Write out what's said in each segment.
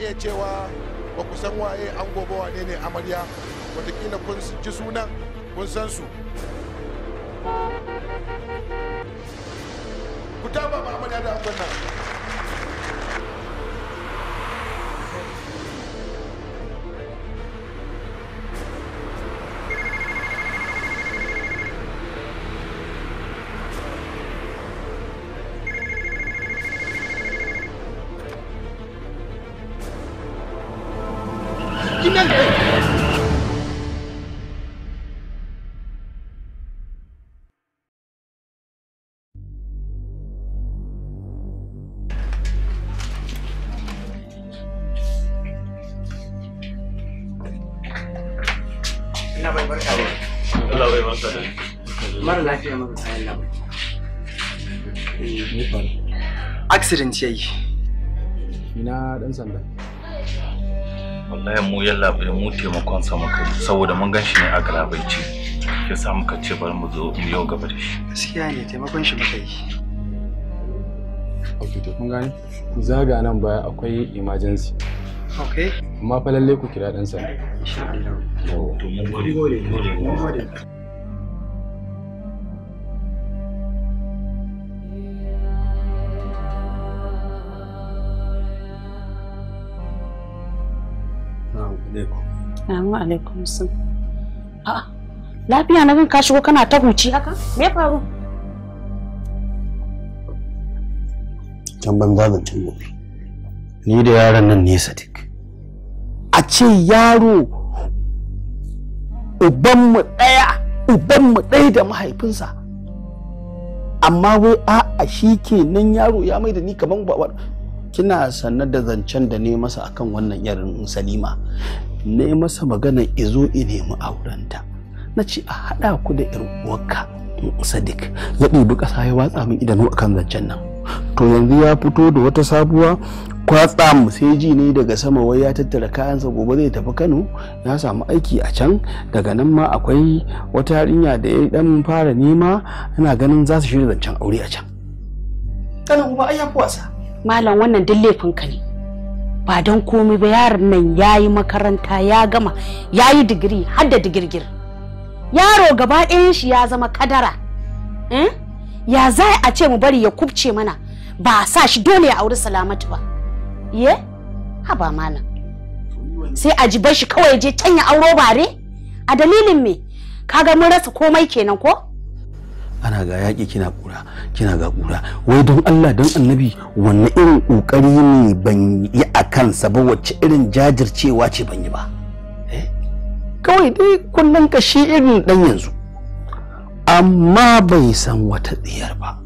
iya cewa ba ku san waye an gobe wa ne amarya watakila kun ji sunan kun san su ku taba amarya da angon nan accident ya yi ina dan sanda wallahi mu yalla mu taimakon sa muka saboda mun gan shi ne a garabaici. ya sa muka ce bari mu zo mu yau gaba da shi gaskiya ne taimakon shi muka yi ok to kun gane ku zaga nan baya akwai emergency ok amma fa lalle ku kira dan sanda insha Allah to mun gode mun gode Assalamu alaikum sun. A'a, lafiya na gan ka shigo kana ta huci haka? Me ya faru? Can ban zazancin gobe. Ni da yaron nan ne Sadiq. A ce yaro ubanmu ɗaya, ubanmu ɗaya da mahaifinsa. Amma wai a'a shi ke nan yaro ya mai da ni kaman ba kina sanar da zancen da ne masa akan wannan yarin salima na yi masa magana izo in nemi aurenta na ce a haɗa ku da ƴar uwarka sadik ya ɗibi ƙasa ya watsa min idanu akan zancen nan to yanzu ya fito da wata sabuwa kwatsa sai ji ne daga sama wai ya tattara kayansa gobe zai tafi kano ya samu aiki a can daga nan ma akwai wata yarinya da ya dan fara nema yana ganin za su shirya zancen aure a can kana uba ai ya wasa malam wannan duk ne ba don komai ba yaron nan ya yi makaranta ya gama ya yi digiri har da digirgir yaro gaba ɗayan shi ya zama kadara hmm? ya za a ce mu bari ya kubce mana ba a sa shi dole ya auri salamatu ba ye ha ba sai a ji bar shi kawai je can ya auro bare a dalilin me kaga mun rasa komai kenan ko ana ga yaƙi kina ƙura kina ga ƙura wai don Allah don annabi wanne irin ƙoƙari ne ban yi a kansa ba wacce irin jajircewa ce ban yi ba eh? kawai dai kullum ka shi irin ɗan yanzu amma bai san wata tsiyar ba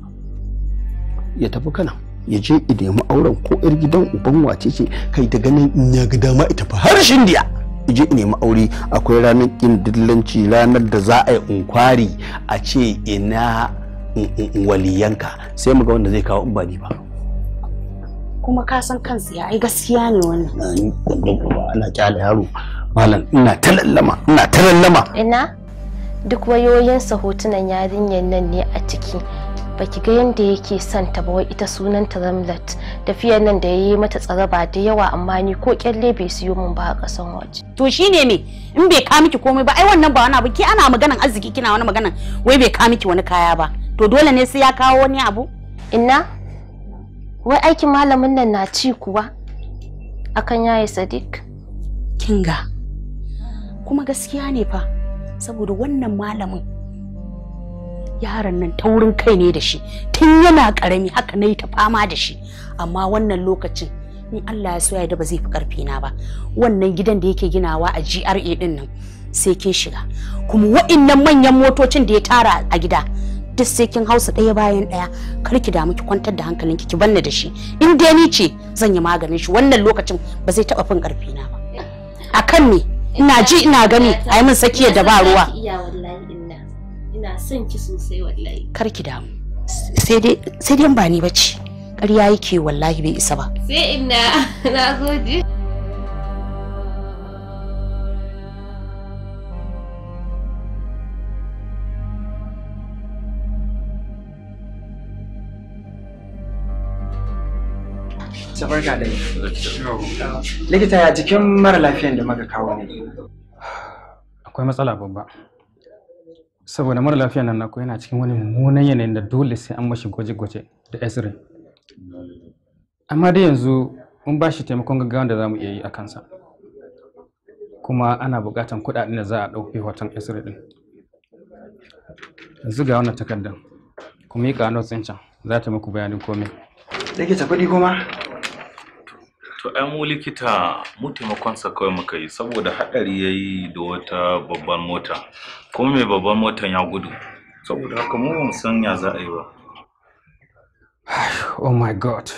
ya tafi kana ya je ide nemi auren ko 'yar gidan uban wace ce kai ta ganin in ya ga ma ita fa harshen diya je nemi aure akwai ranar kin dillanci ranar da za a yi unkwari a ce ina waliyanka sai mu ga wanda zai kawo ba ni ba kuma ka san kansu ya ai gaskiya ne wannan ana kyale yaro malam ina talallama ina talallama ina duk wayoyinsa hotunan yarinyar nan ne a ciki baki ga yadda yake son ta ba ita sunan ta ramlet tafiyar nan da ya yi mata tsaraba da yawa amma ni ko kyalle bai siyo min ba a kasan waje to shine me in bai ka miki komai ba ai wannan ba wani abu ki ana maganan arziki kina wani maganan wai bai ka miki wani kaya ba to dole ne sai ya kawo wani abu inna wai aikin malamin nan na ci kuwa akan yaye sadiq kinga kuma gaskiya ne fa saboda wannan malamin yaron nan ta wurin kai ne da shi tun yana karami haka na yi ta fama da shi amma wannan lokacin in Allah ya so ya da ba zai fi karfi na ba wannan gidan da yake ginawa a GRA din nan sai kin shiga kuma wa'annan manyan motocin da ya tara a gida duk sai kin hausa ɗaya bayan ɗaya kar ki damu ki kwantar da hankalin ki ki banna da shi in dai ni ce zan yi maganin shi wannan lokacin ba zai taɓa fin karfi na ba akan me ina ji ina gani a yi min sakiyar da ba ina son ki sosai wallahi kar ki damu sai dai sai dai ba ni bace ƙarya yake wallahi bai isa ba sai ina na gode Tabarka Likita ya jikin mara lafiyan da muka kawo ne. Akwai matsala babba. saboda mara lafiya nan nako yana cikin wani mummunan yanayin da dole sai an mashi gwaje-gwaje da esri amma dai yanzu mun ba shi taimakon gaggawa da za mu iya yi a kansa kuma ana buƙatar kuɗaɗen da za a ɗauke hoton esri ɗin yanzu ga wannan takardar ku yi notes ɗin can za ta muku bayanin komai likita kuɗi kuma to ai mu likita mu taimakonsa kawai muka yi saboda haɗari ya yi da wata babban mota kuma mai babban motan ya gudu saboda haka mu ban san ya za a yi ba oh my god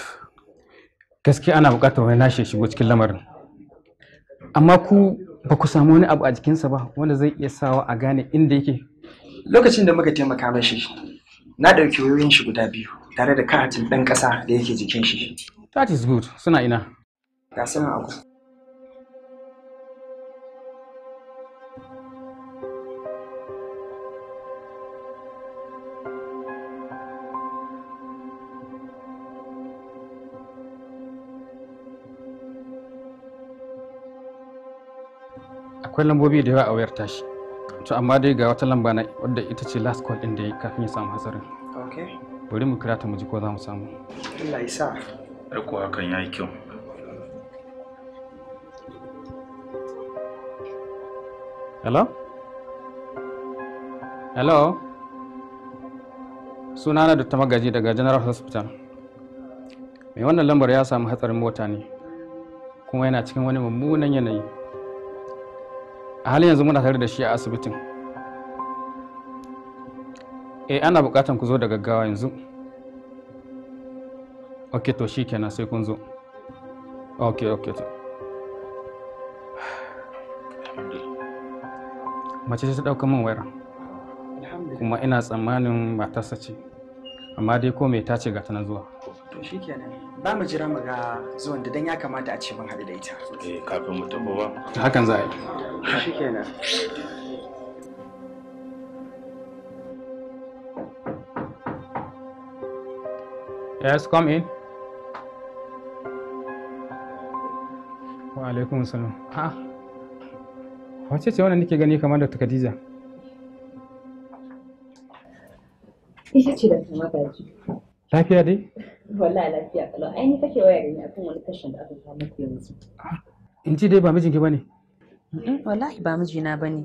gaskiya ana bukatar wani shi shigo cikin lamarin amma ku ba ku samu wani abu a jikinsa ba wanda zai iya sawa a gane inda yake lokacin da muka taimaka mashi na ɗauki wayoyin shi guda biyu tare da katin ɗan ƙasa da yake jikin shi that is good suna ina ga sanin abu akwai lambobi da yawa a wayar tashi to amma dai ga wata lamba na wadda ita ce last call din da ya kafin ya samu hatsarin bari mu kira ta mu ji ko za mu samu Allah ya sa ko hakan yayi kyau hello hello sunana da ta magaji daga general hospital mai wannan lambar ya samu hatsarin mota ne kuma yana cikin wani mummunan yanayi a halin yanzu muna tare da shi a asibitin eh ana bukatan ku zo da gaggawa yanzu ok to shi kenan sai kun zo ok ok to mace ta ɗauka min wayar kuma ina tsammanin matarsa ce amma dai ko mai tace ga tana zuwa to shi kenan ba mu jira mu ga zuwan da dan ya kamata a ce mun haɗu da ita eh kafin mu tafi ba hakan za a yi shikenan yes come in wa alaikum salam ah wace ce wannan nake gani kamar da Khadija ita ce da kamar gaji lafiya dai wallahi lafiya kalau ai ni kake waya da ni akan wani kashin da aka samu yanzu in ci dai ba mijinki bane Mm, wallahi ba mijina ba ne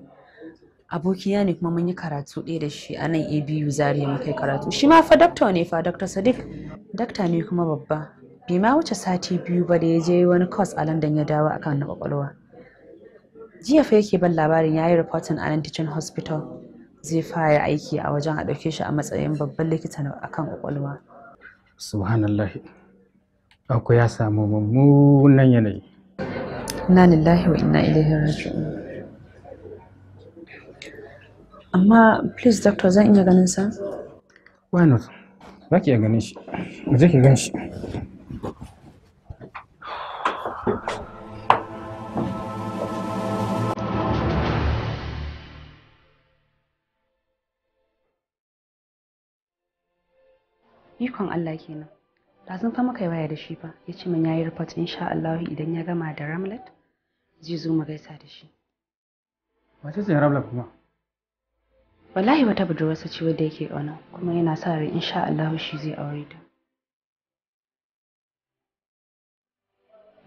abokina ne kuma mun yi karatu ɗaya da shi a nan abu zariya mu kai karatu shi ma fa dakta ne fa dakta sadiq dakta ne kuma babba bai ma wuce sati biyu ba da ya je wani kwas a london ya dawo akan na kwakwalwa jiya fa yake ban labarin ya yi rahoton a nan teaching hospital zai fara aiki a wajen a ɗauke shi a matsayin babban likita akan kwakwalwa subhanallah akwai ya samu mummunan yanayi inna lillahi wa inna ilaihi raji'un amma please doctor zan iya ganin sa why not za ki iya ganin shi mu je ki gan shi ikon Allah kenan da sun fa muka yi waya da shi fa ya ce min yayi report insha Allah idan ya gama da ramlet zai zo mu gaisa da shi wace ce ramlet kuma wallahi wata budurwarsa ce wadda yake auna, kuma yana sa rai insha Allah shi zai aure ta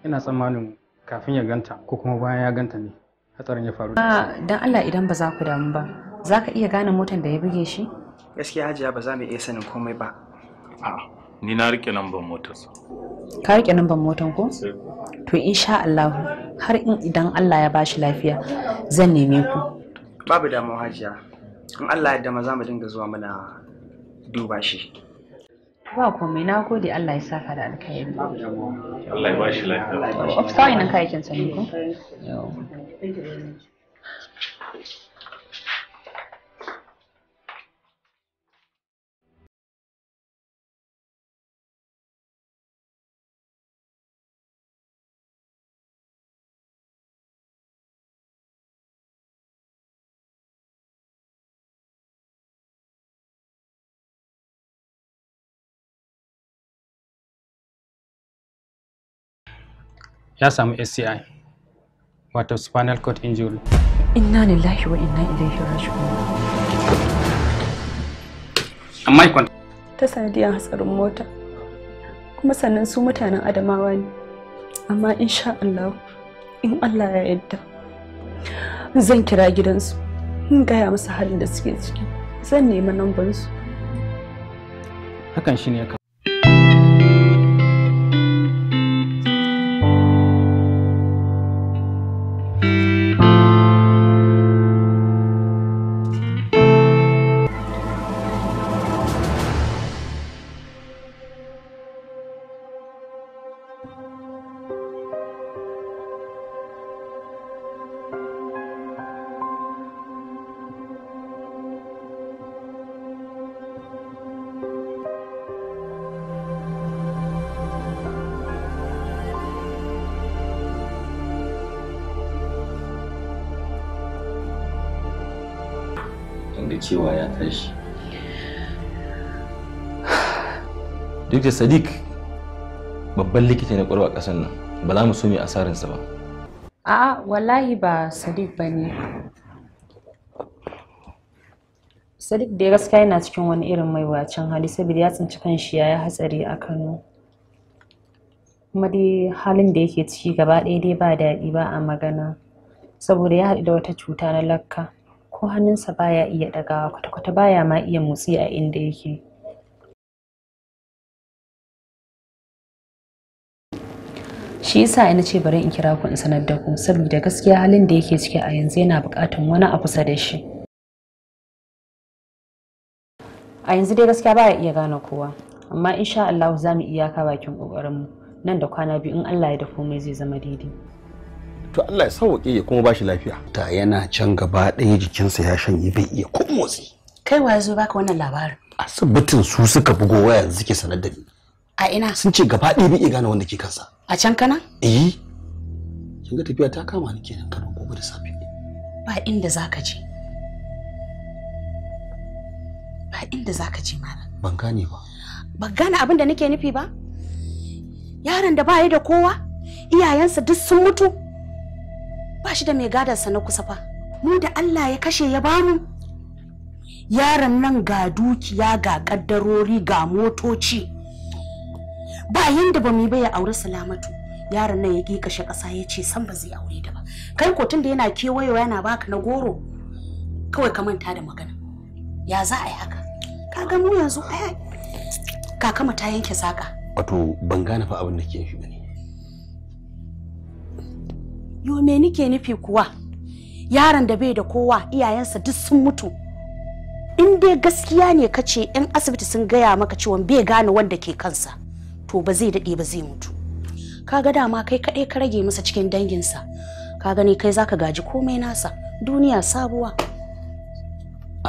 ina tsammanin kafin ya ganta ko kuma bayan ya ganta ne hatsarin ya faru da ah, dan Allah idan ba za ku damu ba za ka iya gane motar da ya buge shi gaskiya hajiya ba za mu iya sanin komai ba a'a ni na rike lambar motar ka rike lambar motar ko eh. to insha Allah har in idan Allah ya bashi lafiya zan neme ku babu damuwa hajiya in Allah ya dama za mu dinga zuwa muna duba shi ba komai na gode Allah ya saka da alkhairi Allah ya bashi lafiya ofsa ina kin sani ko ya samu SCI wato spinal cord injury. Inna lillahi wa inna ilaihi raji'un. Amma ikon ta sanadiyar hatsarin mota kuma sannan su mutanen Adamawa ne amma insha Allah in Allah ya yarda zan kira gidansu in gaya musu halin da suke ciki zan nemi su. Hakan shine ya duk da sadiq babban likita na kwarwa ƙasar nan ba za mu so mai asarinsa ba a'a wallahi ba sadiq ba ne sadiq da gaskiya yana cikin wani irin mai wacin hali saboda ya tsinci kanshi ya yi hatsari a kano kuma halin da yake ciki gaba ɗaya dai ba daɗi ba a magana saboda ya haɗu da wata cuta na lakka ko hannunsa baya iya ɗagawa kwata-kwata baya ma iya motsi a inda yake shi yasa ina ce bari in kira ku in sanar da ku saboda gaskiya halin da yake ciki a yanzu yana buƙatar wani a kusa da shi a yanzu dai gaskiya baya iya gane kowa amma insha Allah za mu iyaka bakin ƙoƙarinmu nan da kwana biyu in Allah ya da komai zai zama daidai to Allah ya sauke ya kuma bashi lafiya ta yana can gaba ɗaya jikinsa ya shanye bai iya ko motsi kai wa zo baka wannan labarin asibitin su suka bugo waya yanzu suke sanar da ni a ina sun ce gaba ɗaya bai iya gane wanda ke kansa a can kana eh kin ga tafiya ta kama ni kenan kana gobe da safe ba inda zaka je ba inda zaka je malam ban gane ba ban gane abin da nake nufi ba yaron da ba yi da kowa iyayensa duk sun mutu da mai gadarsa na kusa fa mu da Allah ya kashe ya bamu yaron nan ga dukiya ga kaddarori ga motoci ba yinda ba mu ba ya auri salamatu yaron nan ya ƙi kashe ƙasa ya ce san ba zai aure da ba kai ko tunda yana kewayewa yana baka na goro kawai ka manta da magana ya za a yi haka ka ga mu yanzu ai. kaka ta yanke saka wato ban gane fa abin da ke shi bane Yo me nike nufi kuwa? Yaron da bai da kowa iyayensa duk sun mutu. In dai gaskiya ne kace ce 'yan asibiti sun gaya maka cewa bai gane wanda ke kansa, to ba zai daɗe ba zai mutu. Kaga dama kai kaɗai ka rage masa cikin danginsa. Ka gani kai zaka gaji komai nasa. Duniya sabuwa.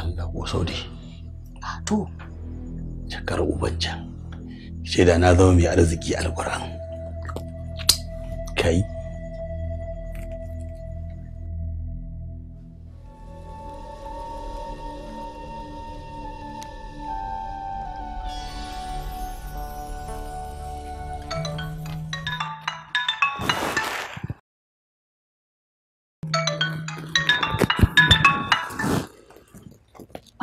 Allah ko saudi. A to. Shakar ubancan. Shaida na zama mai arziki alkur'an. Kai.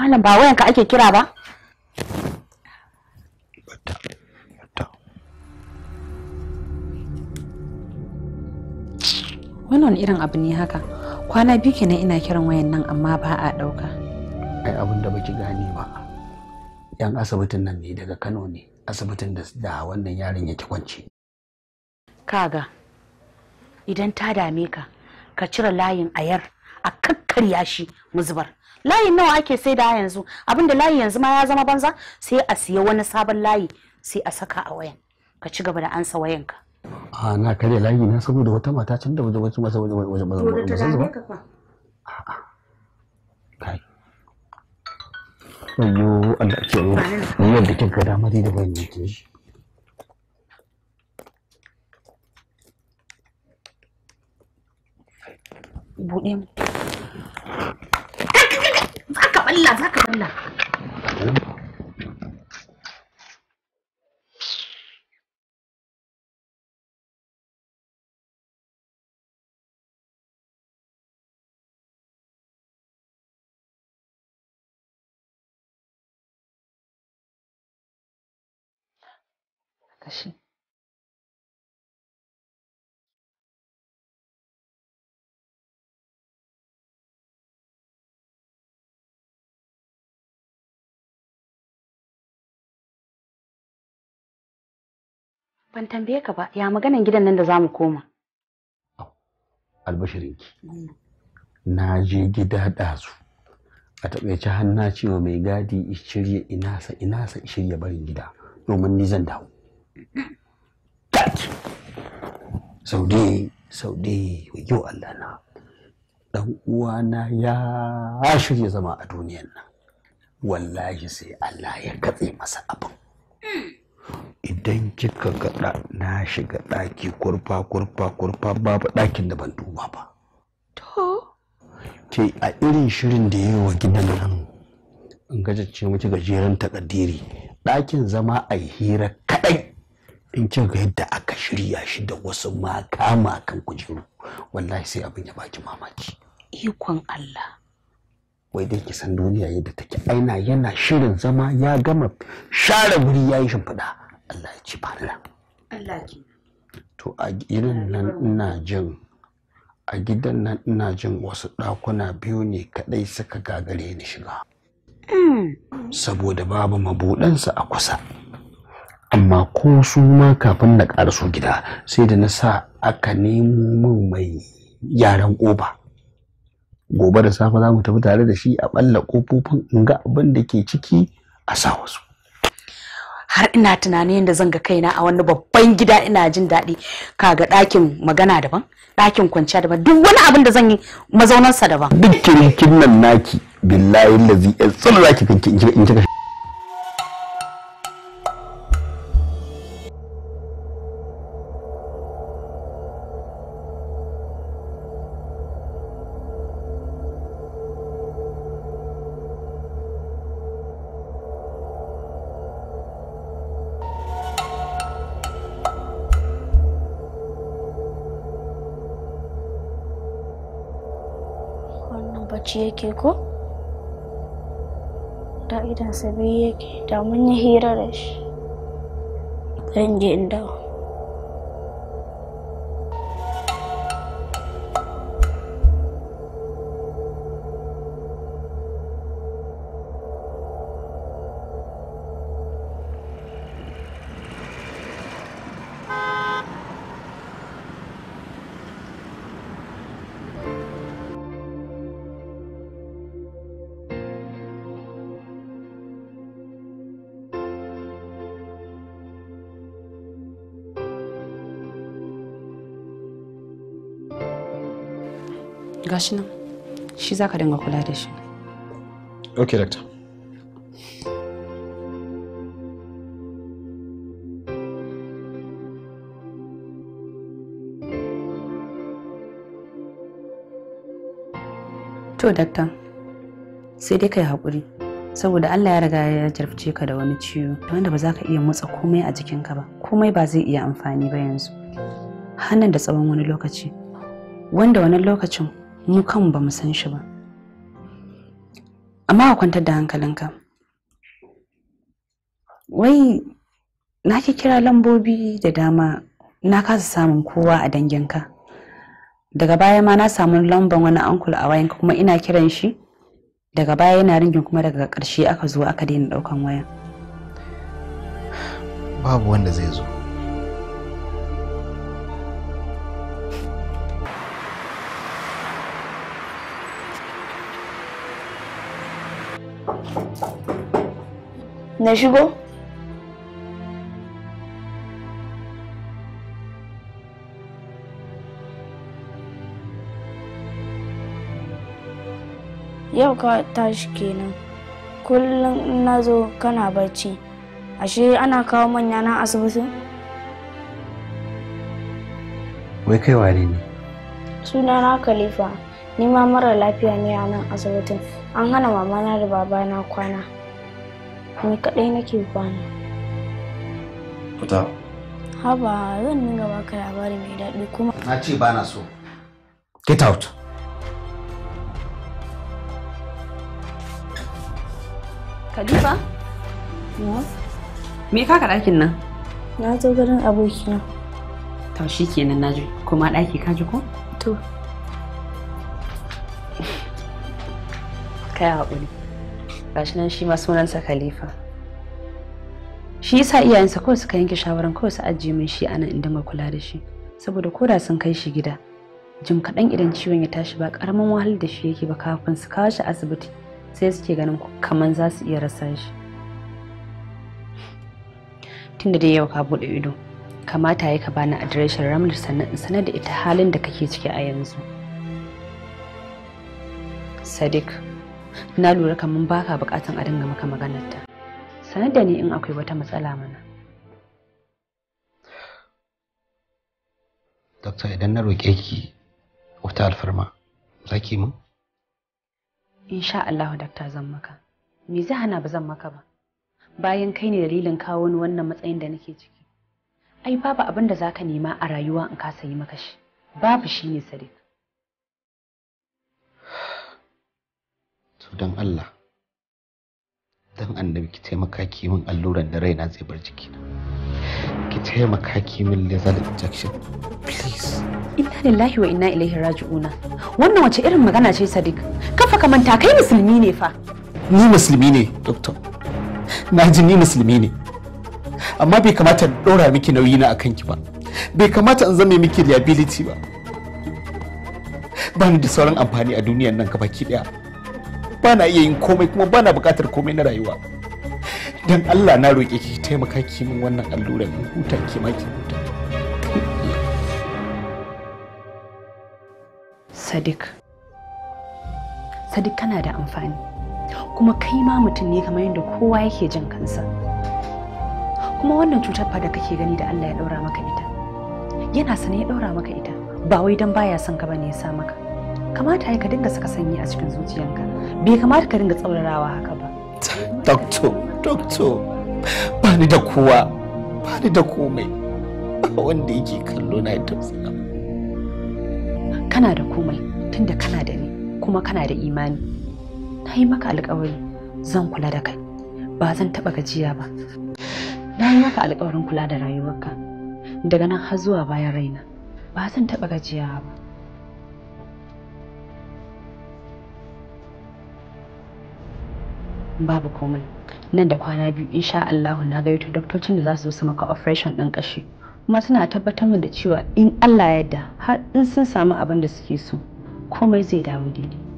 malam ba wayan ake kira ba wannan irin abu ne haka kwana biyu kenan ina kiran wayan nan amma ba a ɗauka ai abin da baki gane ba yan asibitin nan ne daga kano ne asibitin da wannan yaron yake kwance kaga idan ta dame ka ka cire layin ayar a kakkarya shi mu zubar layin nawa ake sai da yanzu abinda layi yanzu ma ya zama banza sai a siya wani sabon layi sai a saka a wayan ka ci gaba da ansa wayanka a na kare layi na saboda wata mata can da wajen masa wajen wajen wajen wajen Ayyo wajen ke yi yadda mu za ka balla za ka balla kashi Ban tambaye ka ba, ya maganan gidan nan da za mu koma? Albashirinki, na je gida ɗazu, a taɓaice hanna cewa mai gadi shirya inasa inasa shirya barin gida domin ni zan dawo. Saude, saude, yau Allah na. Ɗan uwana ya shirya zama a duniyan nan, wallahi sai Allah ya katse masa abin. idan kika ga na shiga ɗaki kurfa kurfa kurfa babu ɗakin da ban duba ba to ke a irin shirin da yi wa gidan nan in gajace miki gajeren takaddiri ɗakin zama a hira kaɗai in kika ga yadda aka shirya shi da wasu makama kan kujeru wallahi sai abin ya baki mamaki ikon Allah wai dai ki san duniya yadda take aina yana shirin zama ya gama share wuri yayi yi shimfiɗa Allah ya ci Allah ki to a gidan nan ina jin a gidan nan ina jin wasu ɗakuna biyu ne kaɗai suka gagare ni shiga mm. saboda babu mabuɗansa a kusa amma ko su ma kafin na ƙaraso gida sai da na sa aka nemo min mai yaran ƙofa gobe da safe za mu tafi tare da shi a ɓalla ƙofofin in ga abin da ke ciki a sa wasu har ina tunanin yadda zan ga kaina a wani babban gida ina jin daɗi kaga ɗakin magana daban ɗakin kwanciya daban duk wani abin da zan yi mazaunansa daban duk kirkin nan naki billahi lazi yan eh, tsala kanki in kika kaci yake ko da idan sabi yake da mun yi hira shi zan je in gashi nan shi za dinga kula da shi ok doctor to doctor sai dai kai hakuri saboda Allah ya riga ya jarfice ka da wani ciwo wanda ba za ka iya motsa komai a jikinka ba komai ba zai iya amfani ba yanzu hannun da tsawon wani lokaci wanda wani lokacin mu kan ba mu san shi ba amma a kwantar da hankalinka wai na ki kira lambobi da dama na kasa samun kowa a danginka daga baya ma na samu lamban wani ankul a wayanka kuma ina kiran shi daga baya yana ringin kuma daga ƙarshe aka zo aka daina ɗaukan waya babu wanda zai zo na shigo? yau ka tashi kenan kullum na zo kana barci ashe ana kawo manya na asibitin wai kai wane ne suna khalifa ni ma mara lafiya ne a nan asibitin an hana mamana da babana kwana ni kaɗai nake kwana. Fita. Haba zan dinga baka labari mai daɗi kuma. Na ce ba na so. Get out. Khalifa? Me ka ka ɗakin nan? Na zo garin abokina. To shi kenan na ji kuma ɗaki ka ji ko? To. Kaya haƙuri. gashi nan shi ma sunansa khalifa shi yasa iyayensa kawai suka yanke shawaran kawai su ajiye min shi anan in dinga kula da shi saboda ko koda sun kai shi gida jim kaɗan idan ciwon ya tashi ba ƙaramin wahal da shi yake ba kafin su kawo shi asibiti sai suke ganin kaman za su iya rasa shi tunda dai yau ka buɗe ido kamata ya ka bani adireshin ramlar sannan in sanar da ita halin da kake ciki a yanzu sadiq na lura kamar ka bukatan a dinga maka maganarta. ta sanar da ni in akwai wata matsala mana Dokta idan na roƙe ki wata alfarma za ki mun? Insha Allah Dokta zan maka. Me zai hana ba zan maka ba? Bayan kai ne dalilin kawo ni wannan matsayin da nake ciki. Ai babu abin da zaka nema a rayuwa in ka sayi maka shi. Babu shi ne Sadiq. don Allah don annabi ki taimaka ki min alluran da raina zai bar jikina ki taimaka ki min lethal injection please inna lillahi wa inna ilaihi raji'una wannan wace irin magana ce sadiq kafa ka manta kai musulmi ne fa ni musulmi ne doctor na ji ni musulmi ne amma bai kamata in dora miki nauyi na akan ki ba bai kamata in zame miki liability ba ba ni da sauran amfani a duniyar nan baki daya ba na iya yin komai kuma ba na buƙatar komai na rayuwa don allah na roƙe ki taimaka ki min wannan alluran in huta ki ma ki huta sadiq sadiq kana da amfani kuma kai ma mutum ne kamar yadda kowa yake jin kansa kuma wannan cutar fa da kake gani da allah ya daura maka ita yana sane ya daura maka ita ba wai don baya son ka ba ne ya sa maka kamata ya ka dinga saka sanyi a cikin zuciyarka bai kamata ka dinga tsaurarawa haka ba doctor doctor ba ni da kowa ba ni da komai ba wanda yake kallo na tausaya kana da komai tunda kana da ni kuma kana da imani na yi maka alkawari zan kula da kai ba zan taba gajiya ba na yi maka alkawarin kula da rayuwarka daga nan har zuwa bayan raina ba zan taba gajiya ba babu komai nan da kwana biyu insha Allah na gaito doktocin da za su zo su maka operation ɗin ƙashi kuma suna tabbatar min da cewa in Allah ya yarda har in sun samu abin da suke so komai zai dawo daidai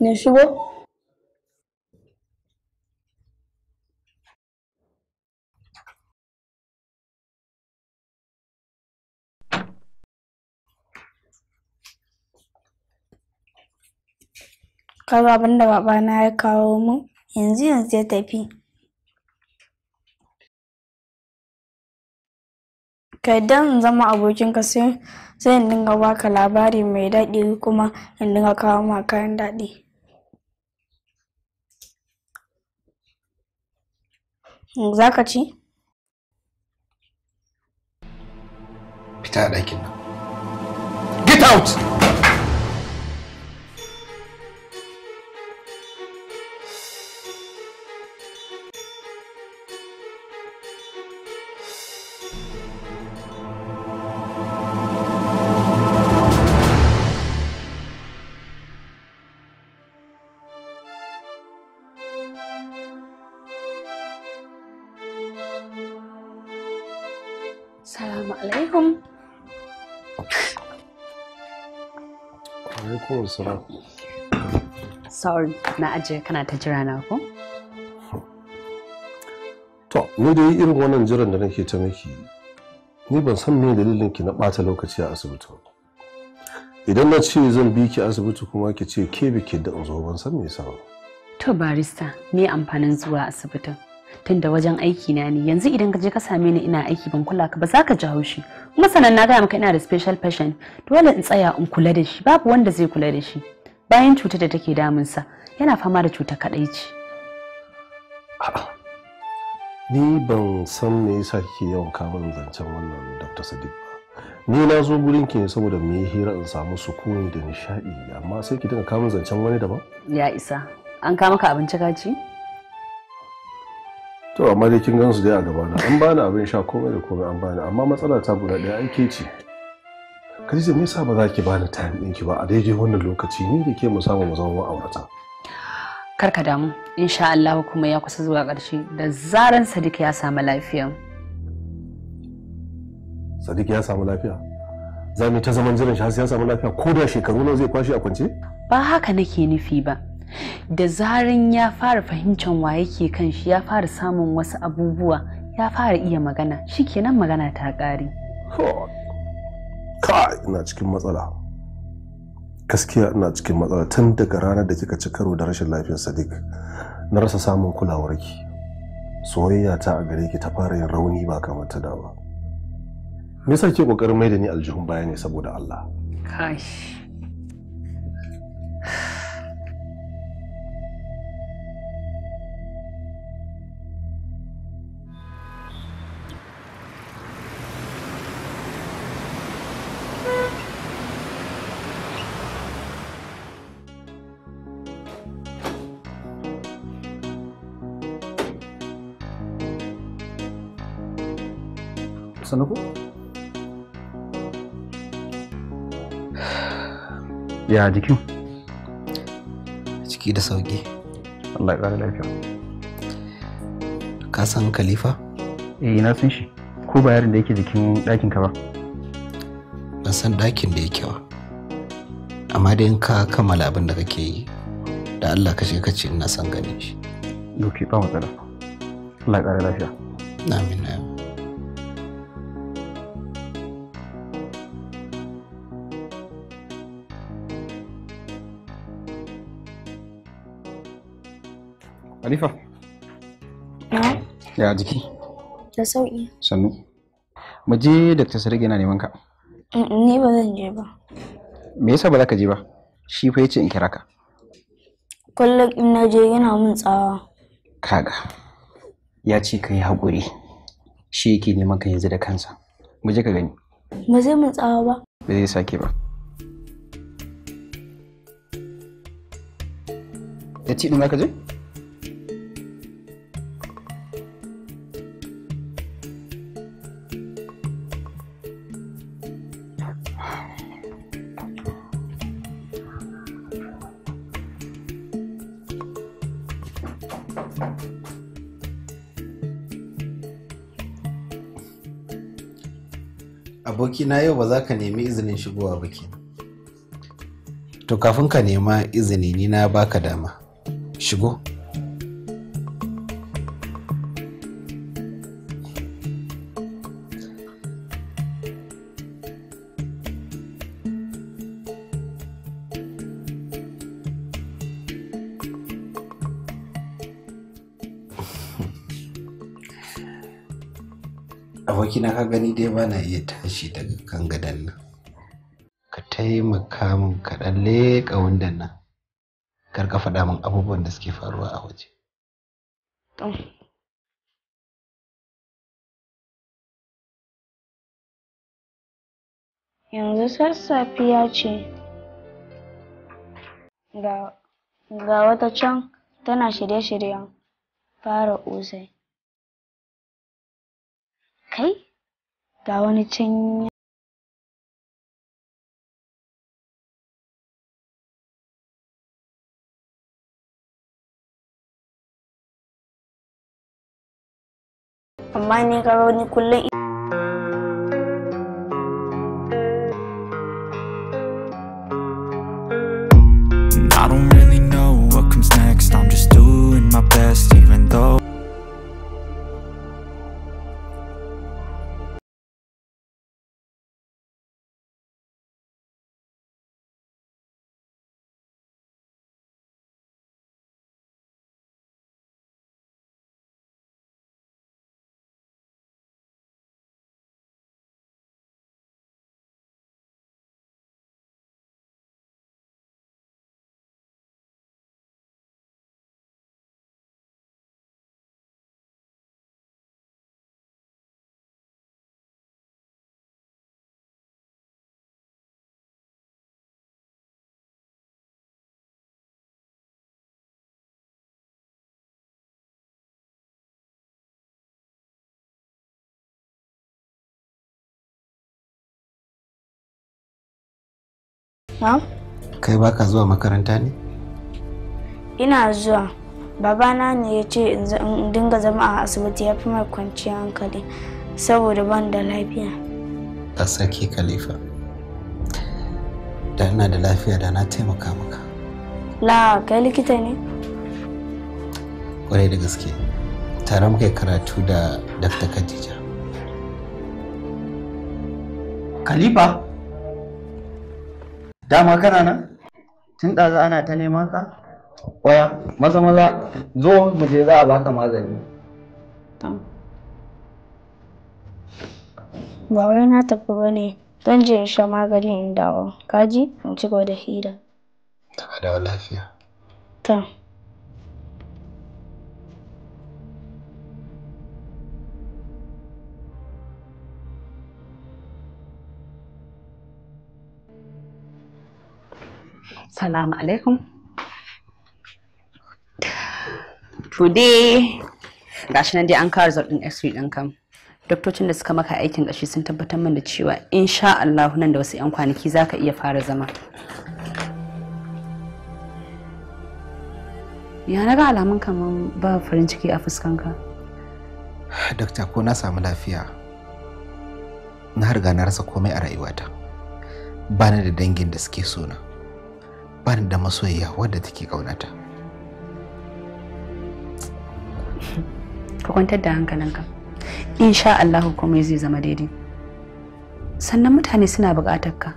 na shigo kaga abin da babana ya kawo min yanzu yanzu ya tafi ka yadda in zama abokinka sai in dinga baka labari mai daɗi kuma in dinga kawo ma kayan daɗi Za ka ci? Fita a ɗakin nan. Get out! alaikum sorry na ajiye kana ta jira na ko to ni dai irin wannan jiran da nake ta miki ni ban san me dalilin ki na bata lokaci a asibiti ba idan na ce zan bi ki asibiti kuma ki ce ke ki da zo ban san me yasa to barista me amfanin zuwa asibitin tunda wajen aiki na ne yanzu idan ka je ka same ni ina aiki ban kula ka ba za ka ji haushi kuma sanan na gaya maka ina da special patient dole in tsaya in kula da shi babu wanda zai kula da shi bayan cutar da take damunsa yana fama da cuta kadai ce ni ban san me yasa kike yawan kawo zancen wannan Dr. Sadiq ba ni na zo gurin ki ne saboda mu hira in samu sukuni da nishadi amma sai ki dinga kawo zancen wani daban ya isa an kawo maka abinci ka ci to amma dai kin gan su dai a gabana an bani abin sha komai da komai an bani amma matsala ta guda ɗaya an ke ce me yasa ba za ki bani time ɗinki ba a daidai wannan lokaci ni da ke mu samu mu zama ma'aurata kar ka damu insha Allah kuma ya kusa zuwa ƙarshe da zaran Sadiq ya samu lafiya Sadiq ya samu lafiya za mu ta zaman jiran shi har sai ya samu lafiya ko da shekaru nawa zai kwashi a kwance ba haka nake nufi ba da zarin ya fara fahimtar wa yake kan shi ya fara samun wasu abubuwa ya fara iya magana shi kenan magana ta ƙare. kai ina cikin matsala gaskiya ina cikin matsala tun daga ranar da kika ci karo da rashin lafiyar sadiq na rasa samun kulawarki soyayya ta a gare ki ta fara yin rauni ba kamar ta da ba me yasa ke kokarin mai da ni aljihun baya ne saboda Allah kai ya jikin ciki da sauki Allah ya ƙara lafiya ka san khalifa eh na san shi ko ba yarin da yake jikin ɗakin ka ba ban san ɗakin da yake ba amma dai ka kammala abin da kake yi da Allah ka shiga ce ina son ganin shi. Doki ba matsala. Allah ya ƙara lafiya. Amin. Alifa. Ya? Ya jiki? Da sauki. Sannu. Mu je Dr. Sadiq na neman ka. Ni ba zan je ba. Me yasa ba za ka je ba? Shi fa yace in kira ka. Kullum in na je yana min tsawa. Kaga. Ya ce ka yi haƙuri. Shi yake neman ka yanzu da kansa. Mu je ka gani. Ba zai min tsawa ba. Ba zai sake ba. Da ci ɗin za ka je? na yau ba za ka nemi izinin shigowa ba ke to kafin ka nema izini ni na baka dama shigo dai ba na iya tashi daga kan gadon nan ka taimaka min ka ɗan leƙa wundan nan kar ka faɗa min abubuwan da suke faruwa a waje yanzu sassafiya ce ga wata can tana shirye-shiryen fara ƙusai kai amma I don't really know what comes next I'm just doing my best Kai baka zuwa makaranta ne? Ina zuwa. Babana ne ya ce in dinga zama a asibiti ya fi mai kwanciyar hankali saboda ban da lafiya. A sake Khalifa. Da ina da lafiya da na taimaka maka. La, kai likita ne? Kwarai da gaske. Tare muka karatu da Dr. Khadija. Khalifa? dama kana nan tun ɗazu ana ta neman ka waya maza maza zo mu je za a baka magani ba wai na tafi ba ne don je in sha magani in dawo kaji in ci gaba da hira ta da lafiya ta Salamu alaikum. Today, gashi nan dai an kawo result din X-ray din kam. Doktocin da suka maka aikin gashi sun tabbatar min da cewa insha Allah nan da wasu 'yan kwanaki za ka iya fara zama. Ya na ga alamun kamar ba farin ciki a fuskanka. Dokta ko na samu lafiya. Na riga na rasa komai a rayuwata. Bani da dangin da suke sona. bani da masoyiya wadda take ƙaunata. Ka kwantar da hankalinka. Insha Allahu komai zai zama daidai. Sannan mutane suna buƙatar ka.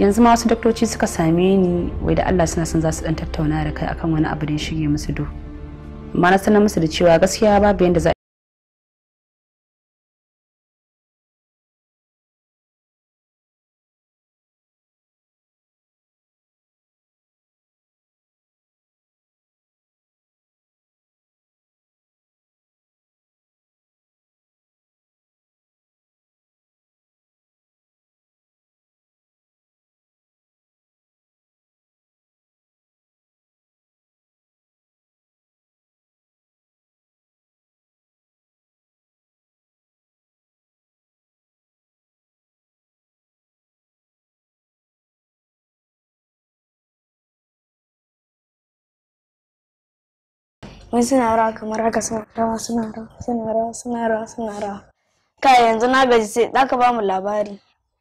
Yanzu ma wasu doktoci suka same ni wai da Allah suna son za su ɗan tattauna da kai akan wani abu da ya shige musu do. Amma na sanar musu da cewa gaskiya babu yanda za wai suna rawa kamar haka suna rawa suna rawa suna rawa suna rawa suna rawa kai yanzu na gaji sai da ba mu labari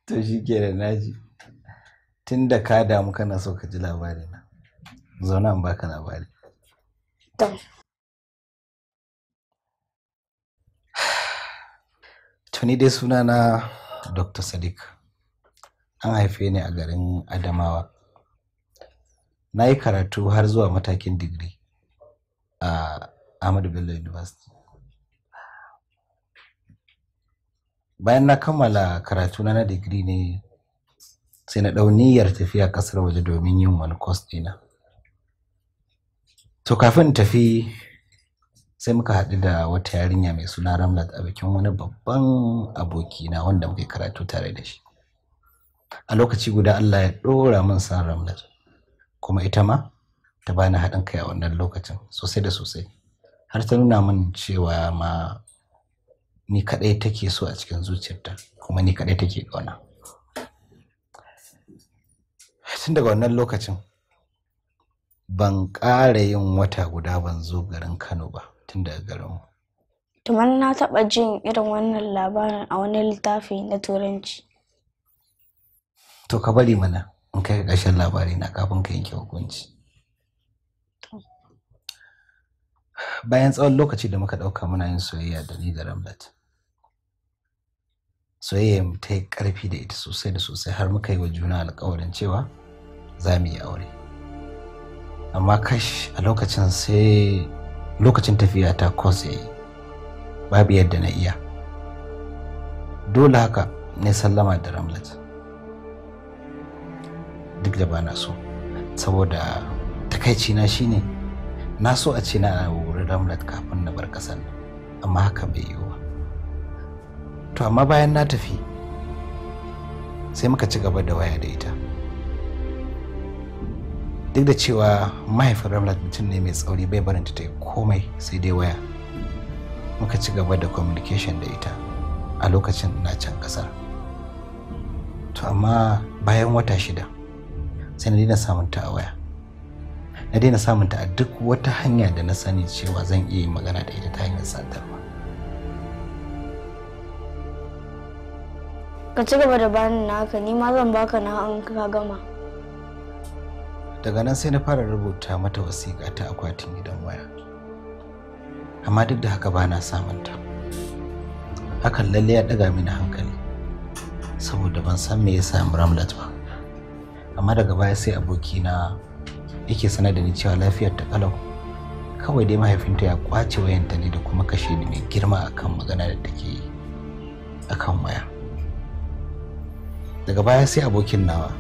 to shi ke da naji tun da ka damu kana so ka ji labari na zauna in baka labari tuni dai suna na dr sadiq an haife ni a garin adamawa na yi karatu har zuwa matakin digiri a Ahmadu Bello University. Bayan na kammala karatu na digiri ne sai na ɗau niyyar tafiya ƙasar waje domin yin wani kwas ɗina. To kafin tafi sai muka haɗu da wata yarinya mai suna Ramlat a bikin wani babban aboki na wanda muka karatu tare da shi. A lokaci guda Allah ya ɗora min san Ramlat kuma ita ma ta bani haɗin kai a wannan lokacin sosai da sosai har ta nuna min cewa ma ni kaɗai take so a cikin zuciyarta kuma ni kaɗai take ƙauna tun daga wannan lokacin ban ƙara yin wata guda ban zo garin kano ba tun daga garin kamar na taɓa jin irin wannan labarin a wani littafi na turanci to ka bari mana in kai ƙarshen labari na kafin ka yanke hukunci bayan tsawon lokaci da muka ɗauka muna yin soyayya da ni da Rambat. soyayya ta yi ƙarfi da ita sosai da sosai har muka yi wa juna alƙawarin cewa za mu yi aure amma kash a lokacin sai lokacin tafiya ta kose babu yadda na iya dole haka ne sallama da ramlet duk da ba na so saboda takaici na shine na so a ce na wurin ramlat kafin na bar kasan nan amma haka bai yi ba to amma bayan na tafi sai muka ci gaba da waya da ita duk da cewa mahaifin ramlat mutum ne mai tsauri bai barinta ta yi komai sai dai waya muka ci gaba da communication da ita a lokacin na can kasar to amma bayan wata shida sai na dina samunta a waya na daina samunta a duk wata hanya da na sani cewa zan iya yin magana da ita ta hanyar sadarwa ka ci gaba da bani naka ni ma zan baka na an ka gama daga nan sai na fara rubuta mata wasiƙa ta akwatin gidan waya amma duk da haka bana samun samunta hakan lalle ya ɗaga mini hankali saboda ban san me ya samu ramlat ba amma daga baya sai abokina yake sanar da ni cewa lafiyar ta kalau kawai dai mahaifinta ya kwace wayanta ne da kuma kashe ni mai girma akan magana da take yi akan waya daga baya sai abokin nawa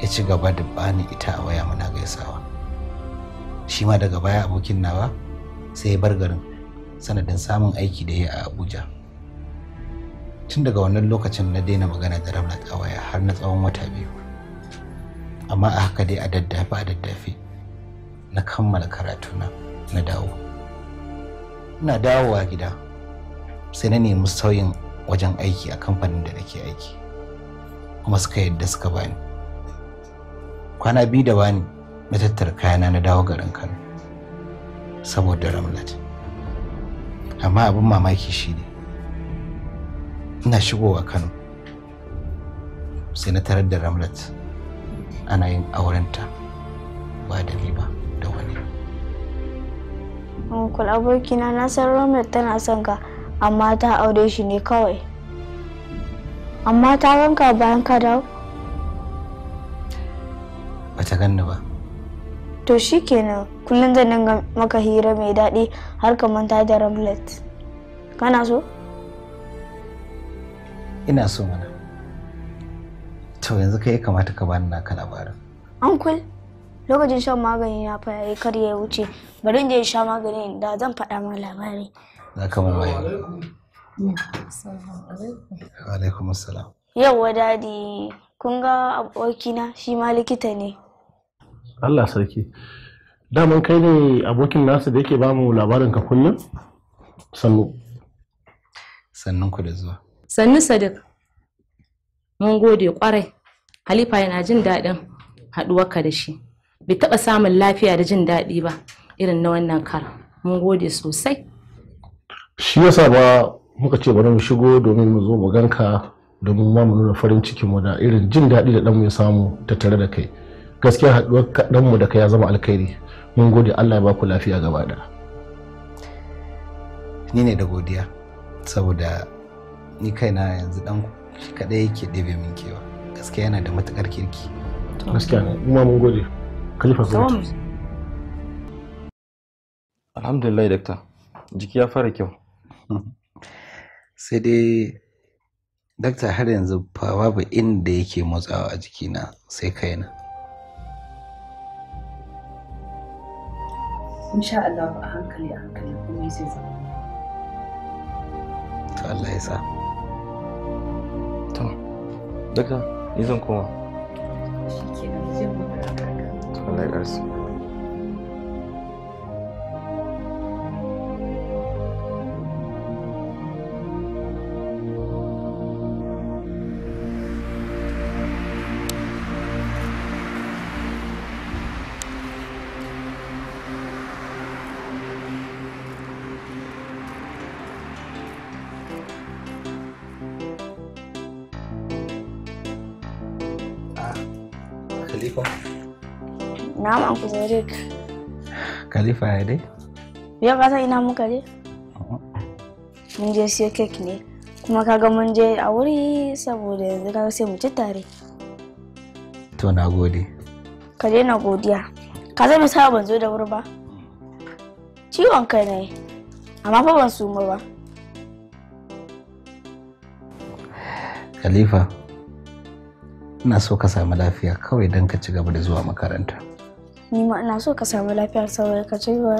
ya ci gaba da bani ita a waya muna gaisawa shi ma daga baya abokin nawa sai ya bar garin sanadin samun aiki da ya a abuja tun daga wannan lokacin na daina magana da ramnat a waya har na tsawon wata biyu amma a haka dai a daddafe a daddafe na kammala karatuna na dawo ina dawowa gida sai na nemi sauyin wajen aiki a kamfanin da nake aiki kuma suka yadda suka bani kwana biyu da bani na tattara kayana na dawo garin kano saboda ramlat amma abin mamaki shi ne ina shigowa kano sai na tarar da ramlat ana yin aurenta ba da ni ba da wani Uncle abokina na san Romeo tana son ka amma ta aure shi ne kawai amma ta ganka bayan ka dawo ba ta ganni ba to shi kenan kullum zan dinga maka hira mai daɗi har ka manta da ramlet kana so ina so mana to yanzu kai ya kamata ka bani naka labarin uncle lokacin shan magani na fa yayi kar ya wuce bari in je sha magani da zan faɗa ma labari za ka mun wayo wa alaikum assalam yawa dadi kun ga abokina shi ma likita ne Allah sarki daman kai ne abokin nasu da yake ba mu labarin ka kullum sannu sannun ku da zuwa sannu sadiq mun gode kwarai halifa yana jin daɗin haɗuwarka da shi bai taɓa samun lafiya da jin daɗi ba irin na wannan kara mun gode sosai shi yasa ba muka ce bari mu shigo domin mu zo mu ganka domin ma mu nuna farin cikin mu da irin jin daɗi da ɗanmu ya samu tattare da kai gaskiya haɗuwar ɗanmu da kai ya zama alkhairi mun gode Allah ya ba lafiya gaba da ni ne da godiya saboda ni kaina yanzu ɗan kaɗai yake ɗebe min kewa gaskiya yana da matukar kirki gaskiya ne kuma mun gode khalifa zuwa alhamdulillah doctor jiki ya fara kyau sai dai doctor har yanzu fa babu inda yake motsawa a jikina sai kaina insha Allah a hankali a hankali komai sai zama to Allah ya sa to daga. ni zan koma shi ke khalifa ya dai yau ka ina muka je mun je siyo kek ne kuma kaga mun je a wuri saboda yanzu kaga sai mu ci tare to na gode ka daina godiya ka zai sa ban zo da wuri ba ciwon kai ne amma fa ban suma ba khalifa ina so ka samu lafiya kawai don ka ci gaba da zuwa makaranta ni ma ina so ka samu lafiyar saboda ka ci gaba